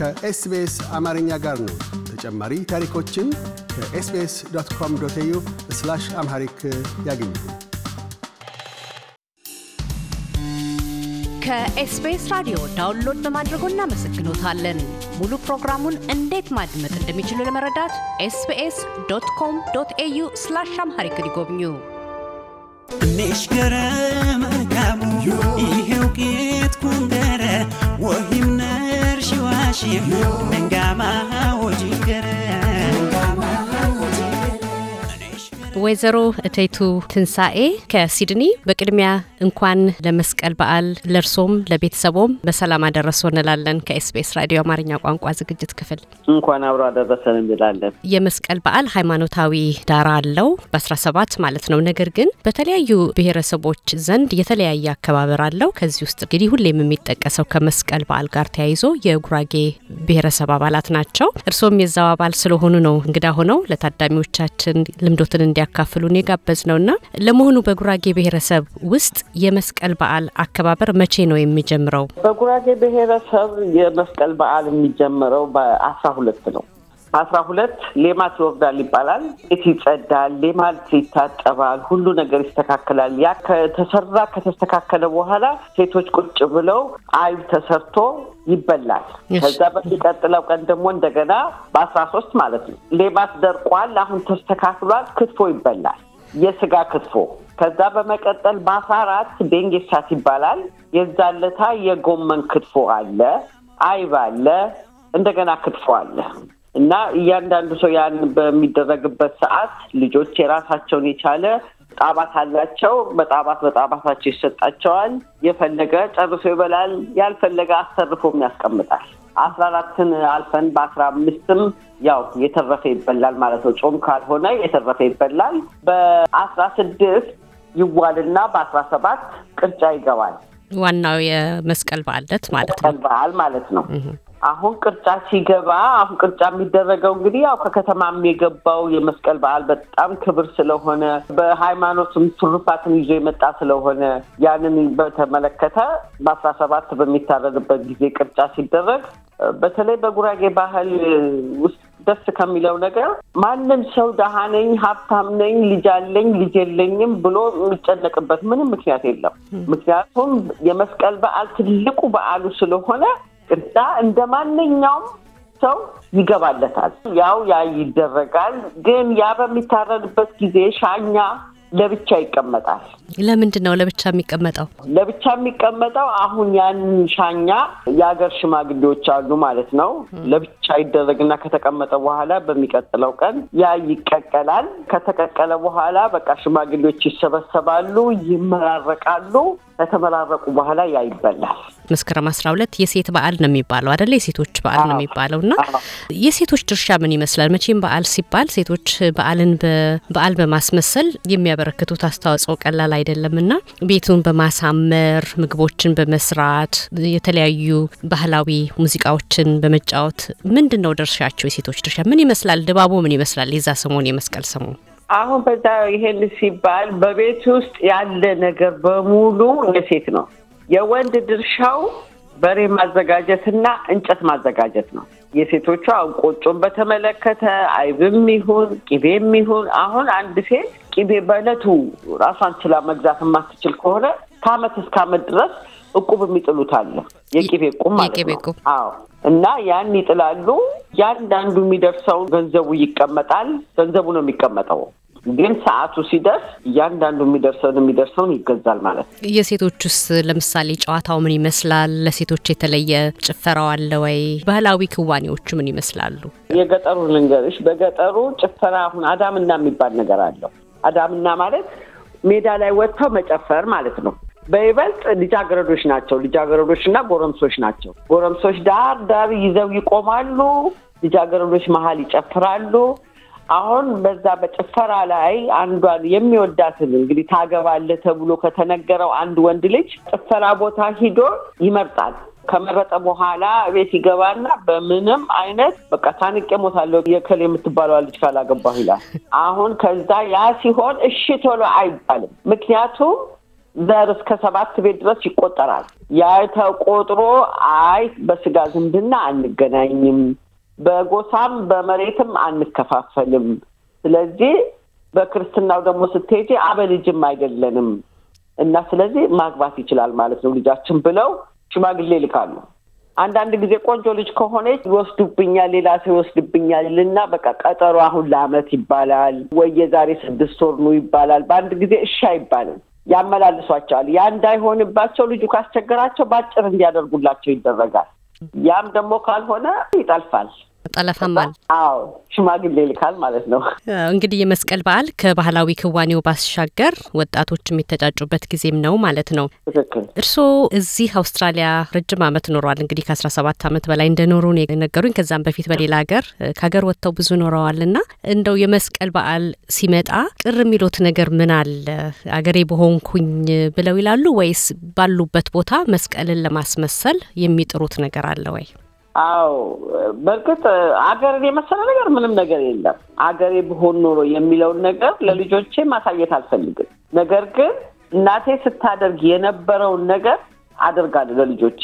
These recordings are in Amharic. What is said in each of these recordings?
ከኤስቢኤስ አማርኛ ጋር ነው። ተጨማሪ ታሪኮችን ከኤስቢኤስ ዶት ኮም ዶት ዩ ስላሽ አምሃሪክ ያገኙ። ከኤስቢኤስ ራዲዮ ዳውንሎድ በማድረጎ እናመሰግኖታለን። ሙሉ ፕሮግራሙን እንዴት ማድመጥ እንደሚችሉ ለመረዳት ኤስቢኤስ ዶት ኮም ዶት ኤዩ ስላሽ አምሃሪክ ሊጎብኙ ትንሽ ገረ መልካሙ ይሄው ጌት ኩንደረ ወሂምነ Mashim, Mengama. ወይዘሮ እቴቱ ትንሳኤ ከሲድኒ በቅድሚያ እንኳን ለመስቀል በዓል ለእርሶም ለቤተሰቦም በሰላም አደረሶ እንላለን። ከኤስቢኤስ ራዲዮ አማርኛ ቋንቋ ዝግጅት ክፍል እንኳን አብሮ አደረሰን እንላለን። የመስቀል በዓል ሃይማኖታዊ ዳራ አለው በ17 ማለት ነው። ነገር ግን በተለያዩ ብሔረሰቦች ዘንድ የተለያየ አከባበር አለው። ከዚህ ውስጥ እንግዲህ ሁሌም የሚጠቀሰው ከመስቀል በዓል ጋር ተያይዞ የጉራጌ ብሔረሰብ አባላት ናቸው። እርሶም የዛው አባል ስለሆኑ ነው እንግዳ ሆነው ለታዳሚዎቻችን ልምዶትን እንዲያካ እንዲያካፍሉን የጋበዝ ነውና ለመሆኑ በጉራጌ ብሔረሰብ ውስጥ የመስቀል በዓል አከባበር መቼ ነው የሚጀምረው? በጉራጌ ብሔረሰብ የመስቀል በዓል የሚጀምረው በአስራ ሁለት ነው አስራ ሁለት ሌማት ይወርዳል ይባላል። ቤት ይጸዳል፣ ሌማት ይታጠባል፣ ሁሉ ነገር ይስተካከላል። ያ ከተሰራ ከተስተካከለ በኋላ ሴቶች ቁጭ ብለው አይብ ተሰርቶ ይበላል። ከዛ በሚቀጥለው ቀን ደግሞ እንደገና በአስራ ሶስት ማለት ነው ሌማት ደርቋል፣ አሁን ተስተካክሏል፣ ክትፎ ይበላል፣ የስጋ ክትፎ ከዛ በመቀጠል በአስራ አራት ቤንጌሳት ይባላል። የዛለታ የጎመን ክትፎ አለ፣ አይብ አለ፣ እንደገና ክትፎ አለ። እና እያንዳንዱ ሰው ያን በሚደረግበት ሰዓት ልጆች የራሳቸውን የቻለ ጣባት አላቸው። በጣባት በጣባታቸው ይሰጣቸዋል። የፈለገ ጨርሶ ይበላል፣ ያልፈለገ አሰርፎም ያስቀምጣል። አስራ አራትን አልፈን በአስራ አምስትም ያው የተረፈ ይበላል ማለት ነው። ጾም ካልሆነ የተረፈ ይበላል። በአስራ ስድስት ይዋልና በአስራ ሰባት ቅርጫ ይገባል። ዋናው የመስቀል በዓል ዕለት ማለት ነው። መስቀል በዓል ማለት ነው። አሁን ቅርጫ ሲገባ አሁን ቅርጫ የሚደረገው እንግዲህ ያው ከከተማም የገባው የመስቀል በዓል በጣም ክብር ስለሆነ በሃይማኖትም ትሩፋትን ይዞ የመጣ ስለሆነ ያንን በተመለከተ በአስራ ሰባት በሚታረድበት ጊዜ ቅርጫ ሲደረግ በተለይ በጉራጌ ባህል ውስጥ ደስ ከሚለው ነገር ማንም ሰው ደሃ ነኝ፣ ሀብታም ነኝ፣ ልጅ አለኝ፣ ልጅ የለኝም ብሎ የሚጨነቅበት ምንም ምክንያት የለም። ምክንያቱም የመስቀል በዓል ትልቁ በዓሉ ስለሆነ እና እንደ ማንኛውም ሰው ይገባለታል። ያው ያ ይደረጋል። ግን ያ በሚታረድበት ጊዜ ሻኛ ለብቻ ይቀመጣል። ለምንድን ነው ለብቻ የሚቀመጠው? ለብቻ የሚቀመጠው አሁን ያን ሻኛ የሀገር ሽማግሌዎች አሉ ማለት ነው። ለብቻ ይደረግና ከተቀመጠ በኋላ በሚቀጥለው ቀን ያ ይቀቀላል። ከተቀቀለ በኋላ በቃ ሽማግሌዎች ይሰበሰባሉ፣ ይመራረቃሉ። ከተመራረቁ በኋላ ያ ይበላል። መስከረም አስራ ሁለት የሴት በዓል ነው የሚባለው አደለ? የሴቶች በዓል ነው የሚባለው እና የሴቶች ድርሻ ምን ይመስላል? መቼም በዓል ሲባል ሴቶች በዓልን በዓል በማስመሰል የሚያበረክቱት አስተዋጽኦ ቀላል አይደለም እና ቤቱን በማሳመር ምግቦችን በመስራት የተለያዩ ባህላዊ ሙዚቃዎችን በመጫወት ምንድን ነው ድርሻቸው? የሴቶች ድርሻ ምን ይመስላል? ድባቡ ምን ይመስላል? የዛ ሰሞን የመስቀል ሰሞን አሁን በዛ ይሄን ሲባል በቤት ውስጥ ያለ ነገር በሙሉ የሴት ነው። የወንድ ድርሻው በሬ ማዘጋጀትና እንጨት ማዘጋጀት ነው። የሴቶቿ ቆጮን በተመለከተ አይብም ይሁን ቂቤም ይሁን አሁን አንድ ሴት ቂቤ በእለቱ ራሷን ችላ መግዛት የማትችል ከሆነ ከአመት እስከ አመት ድረስ እቁብ የሚጥሉት አለ። የቂቤ ቁም ማለት ነው። አዎ እና ያን ይጥላሉ። ያንዳንዱ የሚደርሰው ገንዘቡ ይቀመጣል። ገንዘቡ ነው የሚቀመጠው። ግን ሰዓቱ ሲደርስ እያንዳንዱ የሚደርሰውን የሚደርሰውን ይገዛል ማለት ነው። የሴቶቹስ ለምሳሌ ጨዋታው ምን ይመስላል? ለሴቶች የተለየ ጭፈራው አለ ወይ? ባህላዊ ክዋኔዎቹ ምን ይመስላሉ? የገጠሩ ልንገርሽ። በገጠሩ ጭፈራ አሁን አዳምና የሚባል ነገር አለው። አዳምና ማለት ሜዳ ላይ ወጥተው መጨፈር ማለት ነው። በይበልጥ ልጃገረዶች ናቸው። ልጃገረዶች እና ጎረምሶች ናቸው። ጎረምሶች ዳር ዳር ይዘው ይቆማሉ። ልጃገረዶች መሀል ይጨፍራሉ። አሁን በዛ በጭፈራ ላይ አንዷን የሚወዳትን እንግዲህ ታገባለ ተብሎ ከተነገረው አንድ ወንድ ልጅ ጭፈራ ቦታ ሂዶ ይመርጣል። ከመረጠ በኋላ ቤት ይገባና በምንም አይነት በቃ ታንቄ ሞታለሁ የከል የምትባለዋ ልጅ ካላገባሁ ይላል። አሁን ከዛ ያ ሲሆን እሺ ቶሎ አይባልም። ምክንያቱም ዘር እስከ ሰባት ቤት ድረስ ይቆጠራል። ያ ተቆጥሮ አይ በስጋ ዝምድና አንገናኝም በጎሳም በመሬትም አንከፋፈልም። ስለዚህ በክርስትናው ደግሞ ስትሄጂ አበልጅም አይደለንም እና ስለዚህ ማግባት ይችላል ማለት ነው ልጃችን ብለው ሽማግሌ ይልካሉ። አንዳንድ ጊዜ ቆንጆ ልጅ ከሆነች ይወስዱብኛል፣ ሌላ ሰው ይወስድብኛል እና በቃ ቀጠሮ አሁን ለአመት ይባላል ወይ የዛሬ ስድስት ወር ነው ይባላል። በአንድ ጊዜ እሺ አይባልም፣ ያመላልሷቸዋል። ያ እንዳይሆንባቸው ልጁ ካስቸገራቸው በአጭር እንዲያደርጉላቸው ይደረጋል። ያም ደግሞ ካልሆነ ይጠልፋል። ጠለፋማል። አዎ ሽማግሌ ይልካል ማለት ነው። እንግዲህ የመስቀል በዓል ከባህላዊ ክዋኔው ባሻገር ወጣቶች የሚተጫጩበት ጊዜም ነው ማለት ነው። ትክክል። እርስዎ እዚህ አውስትራሊያ ረጅም ዓመት ኖረዋል። እንግዲህ ከአስራ ሰባት ዓመት በላይ እንደኖሩ ነው የነገሩኝ። ከዛም በፊት በሌላ ሀገር ከሀገር ወጥተው ብዙ ኖረዋል እና እንደው የመስቀል በዓል ሲመጣ ቅር የሚሉት ነገር ምን አለ? አገሬ በሆንኩኝ ብለው ይላሉ ወይስ ባሉበት ቦታ መስቀልን ለማስመሰል የሚጥሩት ነገር አለ ወይ? አዎ በእርግጥ አገርን የመሰለ ነገር ምንም ነገር የለም። አገሬ ብሆን ኖሮ የሚለውን ነገር ለልጆቼ ማሳየት አልፈልግም። ነገር ግን እናቴ ስታደርግ የነበረውን ነገር አደርጋለሁ ለልጆቼ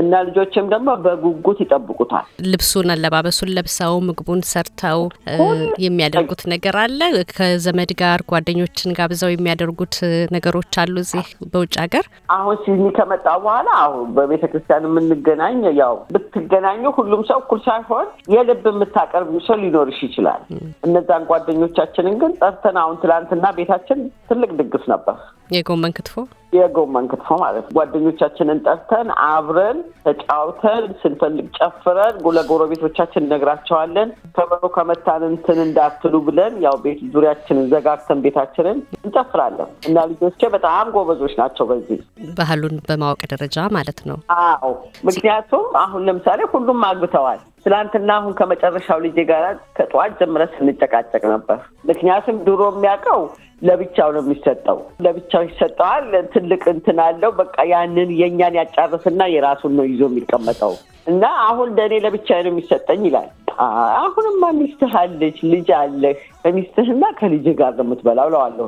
እና ልጆችም ደግሞ በጉጉት ይጠብቁታል። ልብሱን፣ አለባበሱን ለብሰው ምግቡን ሰርተው የሚያደርጉት ነገር አለ። ከዘመድ ጋር ጓደኞችን ጋብዘው የሚያደርጉት ነገሮች አሉ። እዚህ በውጭ ሀገር አሁን ሲድኒ ከመጣ በኋላ አሁን በቤተ ክርስቲያን የምንገናኝ ያው ብትገናኙ ሁሉም ሰው እኩል ሳይሆን የልብ የምታቀርብ ሰው ሊኖርሽ ይችላል። እነዛን ጓደኞቻችንን ግን ጠርተን አሁን ትላንትና ቤታችን ትልቅ ድግስ ነበር የጎመን ክትፎ የጎመን ክትፎ ማለት ነው። ጓደኞቻችንን ጠርተን አብረን ተጫውተን ስንፈልግ ጨፍረን ለጎረቤቶቻችን እነግራቸዋለን። ከበሮ ከመታን እንትን እንዳትሉ ብለን ያው ቤት ዙሪያችንን ዘጋግተን ቤታችንን እንጨፍራለን እና ልጆቼ በጣም ጎበዞች ናቸው በዚህ ባህሉን በማወቅ ደረጃ ማለት ነው። አዎ ምክንያቱም አሁን ለምሳሌ ሁሉም አግብተዋል። ትላንትና አሁን ከመጨረሻው ልጅ ጋር ከጠዋት ጀምረ ስንጨቃጨቅ ነበር። ምክንያቱም ድሮ የሚያውቀው ለብቻው ነው የሚሰጠው፣ ለብቻው ይሰጠዋል። ትልቅ እንትን አለው። በቃ ያንን የእኛን ያጫርስና የራሱን ነው ይዞ የሚቀመጠው። እና አሁን ለእኔ ለብቻ ነው የሚሰጠኝ ይላል። አሁንማ ሚስትህ አለች፣ ልጅ አለህ፣ ከሚስትህና ከልጅ ጋር ነው የምትበላው እለዋለሁ።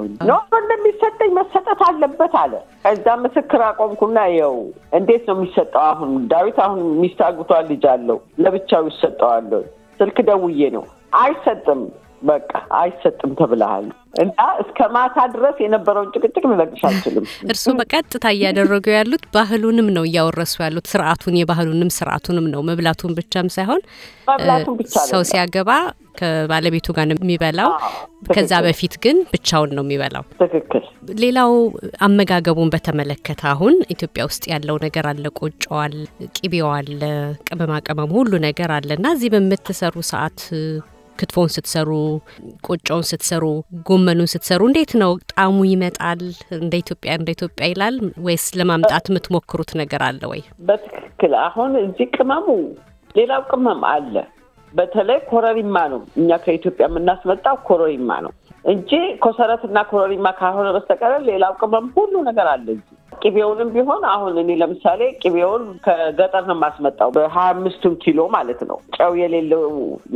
እንደሚሰጠኝ መሰጠት አለበት አለ። ከዛ ምስክር አቆምኩና ይኸው እንዴት ነው የሚሰጠው? አሁን ዳዊት አሁን ሚስት አግብቷል፣ ልጅ አለው፣ ለብቻው ይሰጠዋለሁ። ስልክ ደውዬ ነው አይሰጥም በቃ አይሰጥም ተብለሃል እና እስከ ማታ ድረስ የነበረውን ጭቅጭቅ ልለቅሽ አልችልም። እርስዎ በቀጥታ እያደረጉ ያሉት ባህሉንም ነው እያወረሱ ያሉት ስርዓቱን፣ የባህሉንም ስርዓቱንም ነው። መብላቱን ብቻም ሳይሆን ሰው ሲያገባ ከባለቤቱ ጋር ነው የሚበላው። ከዛ በፊት ግን ብቻውን ነው የሚበላው። ትክክል። ሌላው አመጋገቡን በተመለከተ አሁን ኢትዮጵያ ውስጥ ያለው ነገር አለ፣ ቆጮ አለ፣ ቅቤው አለ፣ ቅመማ ቅመም ሁሉ ነገር አለ እና እዚህ በምትሰሩ ሰዓት ክትፎን ስትሰሩ፣ ቆጮውን ስትሰሩ፣ ጎመኑን ስትሰሩ እንዴት ነው ጣዕሙ ይመጣል? እንደ ኢትዮጵያ እንደ ኢትዮጵያ ይላል ወይስ ለማምጣት የምትሞክሩት ነገር አለ ወይ? በትክክል አሁን እዚህ ቅመሙ ሌላው ቅመም አለ። በተለይ ኮረሪማ ነው። እኛ ከኢትዮጵያ የምናስመጣው ኮረሪማ ነው እንጂ ኮሰረትና ኮረሪማ ካልሆነ በስተቀር ሌላው ቅመም ሁሉ ነገር አለ እዚህ ቅቤውንም ቢሆን አሁን እኔ ለምሳሌ ቅቤውን ከገጠር ነው የማስመጣው በሀያ አምስቱን ኪሎ ማለት ነው። ጨው የሌለው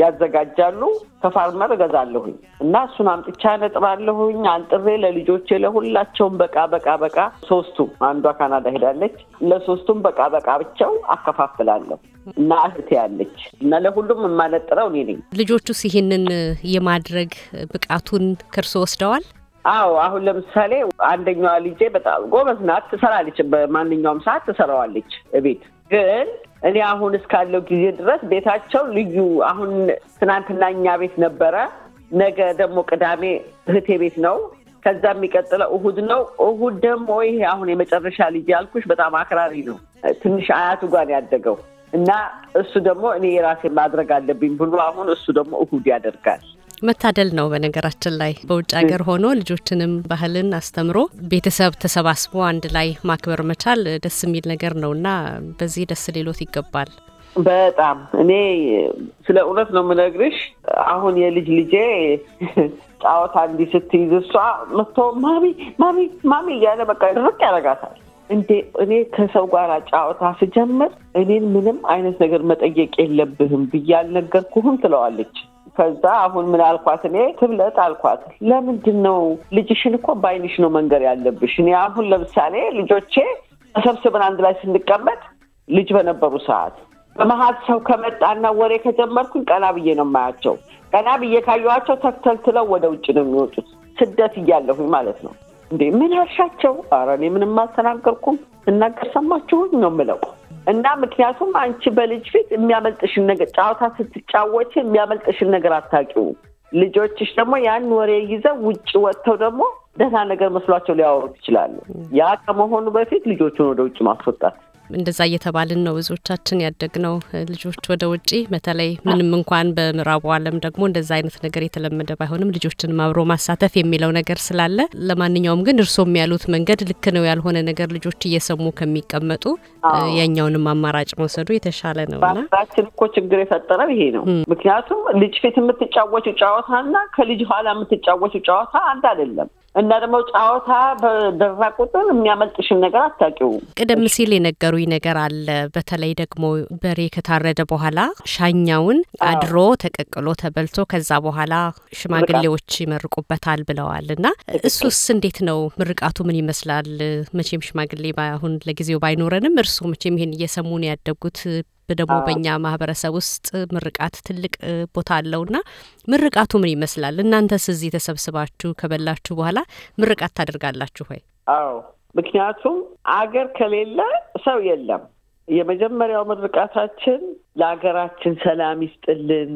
ያዘጋጃሉ። ከፋርመር እገዛለሁኝ እና እሱን አምጥቻ ነጥባለሁኝ። አንጥሬ ለልጆቼ ለሁላቸውም በቃ በቃ በቃ ሶስቱም፣ አንዷ ካናዳ ሄዳለች። ለሶስቱም በቃ በቃ ብቻው አከፋፍላለሁ እና እህቴ ያለች እና ለሁሉም የማነጥረው እኔ ነኝ። ልጆቹስ ይህንን የማድረግ ብቃቱን ከእርሶ ወስደዋል? አዎ አሁን ለምሳሌ አንደኛዋ ልጄ በጣም ጎበዝ ናት፣ ትሰራለች። በማንኛውም ሰዓት ትሰራዋለች ቤት ግን እኔ አሁን እስካለው ጊዜ ድረስ ቤታቸው ልዩ አሁን ትናንትና እኛ ቤት ነበረ፣ ነገ ደግሞ ቅዳሜ እህቴ ቤት ነው፣ ከዛ የሚቀጥለው እሁድ ነው። እሁድ ደግሞ ይሄ አሁን የመጨረሻ ልጅ ያልኩሽ በጣም አክራሪ ነው። ትንሽ አያቱ ጋር ያደገው እና እሱ ደግሞ እኔ የራሴ ማድረግ አለብኝ ብሎ አሁን እሱ ደግሞ እሁድ ያደርጋል። መታደል ነው። በነገራችን ላይ በውጭ ሀገር ሆኖ ልጆችንም ባህልን አስተምሮ ቤተሰብ ተሰባስቦ አንድ ላይ ማክበር መቻል ደስ የሚል ነገር ነው እና በዚህ ደስ ሌሎት ይገባል። በጣም እኔ ስለ እውነት ነው የምነግርሽ። አሁን የልጅ ልጄ ጫወታ እንዲህ ስትይዝ እሷ መቶ ማሚ ማሚ ማሚ እያለ በቃ ድርቅ ያደርጋታል። እንዴ እኔ ከሰው ጋር ጫወታ ስጀምር እኔን ምንም አይነት ነገር መጠየቅ የለብህም ብዬ አልነገርኩህም ትለዋለች። ከዛ አሁን ምን አልኳት እኔ ትብለጥ አልኳት። ለምንድን ነው ልጅሽን እኮ በአይንሽ ነው መንገር ያለብሽ። እኔ አሁን ለምሳሌ ልጆቼ ተሰብስበን አንድ ላይ ስንቀመጥ ልጅ በነበሩ ሰዓት በመሀል ሰው ከመጣና ወሬ ከጀመርኩኝ ቀና ብዬ ነው የማያቸው። ቀና ብዬ ካየኋቸው ተክተልትለው ወደ ውጭ ነው የሚወጡት። ስደት እያለሁኝ ማለት ነው። እንዴ ምን አልሻቸው? ኧረ እኔ ምንም አልተናገርኩም። እናገር ሰማችሁኝ ነው የምለው እና ምክንያቱም አንቺ በልጅ ፊት የሚያመልጥሽን ነገር ጨዋታ ስትጫወች የሚያመልጥሽን ነገር አታውቂውም። ልጆችሽ ደግሞ ያን ወሬ ይዘው ውጭ ወጥተው ደግሞ ደህና ነገር መስሏቸው ሊያወሩት ይችላሉ። ያ ከመሆኑ በፊት ልጆቹን ወደ ውጭ ማስወጣት እንደዛ እየተባልን ነው ብዙዎቻችን ያደግነው ልጆች ወደ ውጪ በተለይ ምንም እንኳን በምዕራቡ ዓለም ደግሞ እንደዛ አይነት ነገር የተለመደ ባይሆንም ልጆችን አብሮ ማሳተፍ የሚለው ነገር ስላለ፣ ለማንኛውም ግን እርሶም ያሉት መንገድ ልክ ነው። ያልሆነ ነገር ልጆች እየሰሙ ከሚቀመጡ የኛውንም አማራጭ መውሰዱ የተሻለ ነው። ራችን እኮ ችግር የፈጠረው ይሄ ነው። ምክንያቱም ልጅ ፊት የምትጫወቱ ጨዋታና ከልጅ ኋላ የምትጫወቱ ጨዋታ አንድ አይደለም። እና ደግሞ ጨዋታ በበዛ ቁጥር የሚያመልጥሽን ነገር አታውቂውም። ቅድም ሲል የነገሩኝ ነገር አለ። በተለይ ደግሞ በሬ ከታረደ በኋላ ሻኛውን አድሮ ተቀቅሎ ተበልቶ ከዛ በኋላ ሽማግሌዎች ይመርቁበታል ብለዋል እና እሱስ እንዴት ነው? ምርቃቱ ምን ይመስላል? መቼም ሽማግሌ አሁን ለጊዜው ባይኖረንም እርሱ መቼም ይሄን እየሰሙን ያደጉት። ደግሞ በእኛ ማህበረሰብ ውስጥ ምርቃት ትልቅ ቦታ ና ምርቃቱ ምን ይመስላል? እናንተስ እዚህ ተሰብስባችሁ ከበላችሁ በኋላ ምርቃት ታደርጋላችሁ ወይ? አዎ፣ ምክንያቱም አገር ከሌለ ሰው የለም። የመጀመሪያው ምርቃታችን ለሀገራችን ሰላም ይስጥልን፣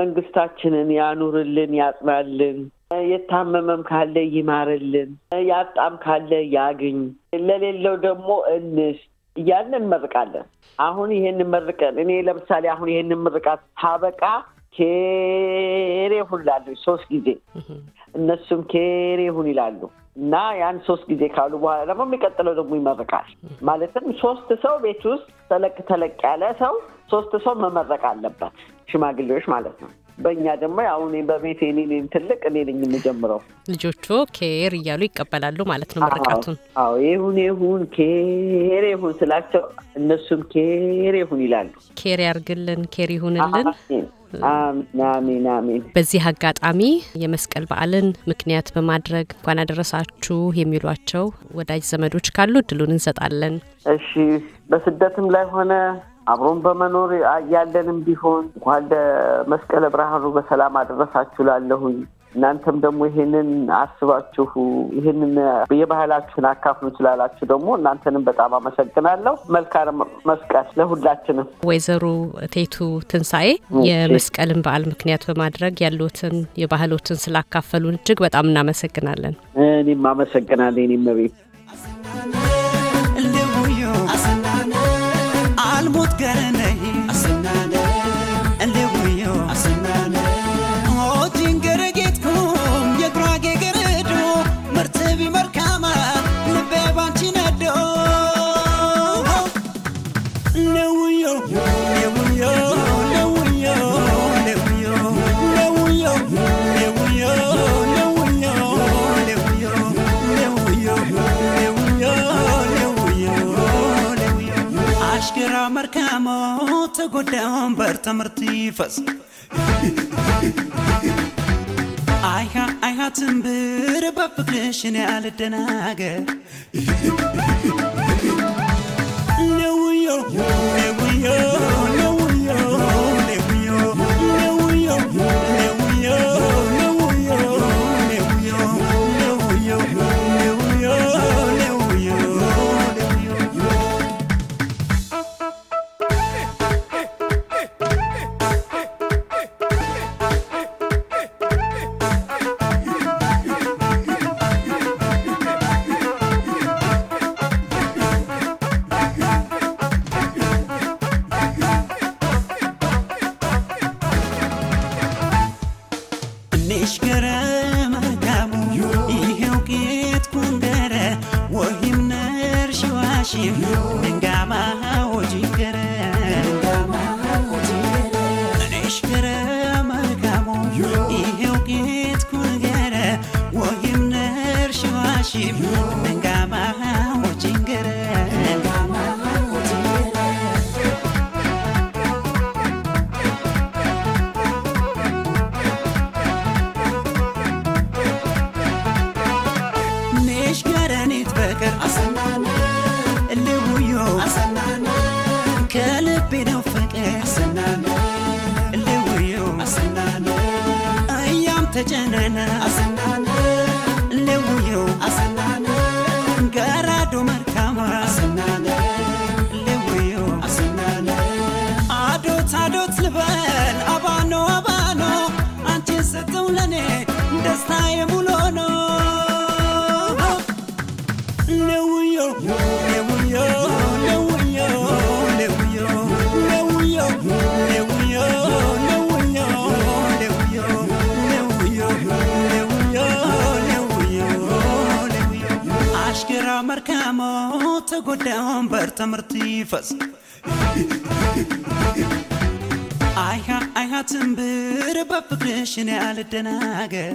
መንግስታችንን ያኑርልን፣ ያጽናልን፣ የታመመም ካለ ይማርልን፣ ያጣም ካለ ያግኝ፣ ለሌለው ደግሞ እንስጥ እያልን እንመርቃለን። አሁን ይሄን እንመርቀን እኔ ለምሳሌ አሁን ይሄን ምርቃት ታበቃ ኬሬ ሁን ላሉ ሶስት ጊዜ እነሱም ኬሬ ሁን ይላሉ እና ያን ሶስት ጊዜ ካሉ በኋላ ደግሞ የሚቀጥለው ደግሞ ይመርቃል። ማለትም ሶስት ሰው ቤት ውስጥ ተለቅ ተለቅ ያለ ሰው ሶስት ሰው መመረቅ አለበት፣ ሽማግሌዎች ማለት ነው። በእኛ ደግሞ አሁን በቤት እኔ ትልቅ እኔ ነኝ የምጀምረው። ልጆቹ ኬር እያሉ ይቀበላሉ ማለት ነው ምርቃቱን። አዎ ይሁን ይሁን ኬር ይሁን ስላቸው እነሱም ኬር ይሁን ይላሉ። ኬር ያርግልን፣ ኬር ይሁንልን። አሜን አሜን በዚህ አጋጣሚ የመስቀል በዓልን ምክንያት በማድረግ እንኳን አደረሳችሁ የሚሏቸው ወዳጅ ዘመዶች ካሉ እድሉን እንሰጣለን። እሺ በስደትም ላይ ሆነ አብሮን በመኖር ያለንም ቢሆን እንኳን ለመስቀለ ብርሃኑ በሰላም አደረሳችሁ ላለሁኝ እናንተም ደግሞ ይሄንን አስባችሁ ይሄንን የባህላችሁን አካፍሉ ስላላችሁ ደግሞ እናንተንም በጣም አመሰግናለሁ። መልካም መስቀል ለሁላችንም። ወይዘሮ እቴቱ ትንሣኤ የመስቀልን በዓል ምክንያት በማድረግ ያሉትን የባህሎትን ስላካፈሉን እጅግ በጣም እናመሰግናለን። እኔም አመሰግናለሁ። እኔም ቤት ደካሞ ተጎዳውን በር ትምህርት ይፈስ አይሃ አይሃ ትንብር በፍቅርሽ እኔ አልደናገር ግራ መርካሞ ተጎዳ ወንበር ትምህርት ይፈስ አይሃ አይሃ ትንብር ያልደናገር እኔ አልደናገር